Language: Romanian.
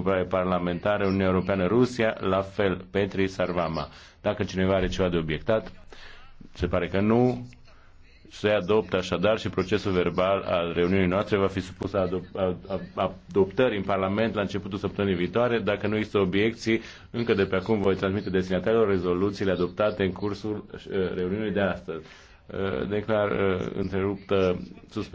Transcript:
grupare parlamentară Uniunea Europeană-Rusia, la fel, Petri Sarvama. Dacă cineva are ceva de obiectat, se pare că nu, se adoptă așadar și procesul verbal al reuniunii noastre va fi supus a adop- a- adoptării în Parlament la începutul săptămânii viitoare. Dacă nu există obiecții, încă de pe acum voi transmite destinatarilor rezoluțiile adoptate în cursul uh, reuniunii de astăzi. Uh, declar uh, întreruptă suspendarea.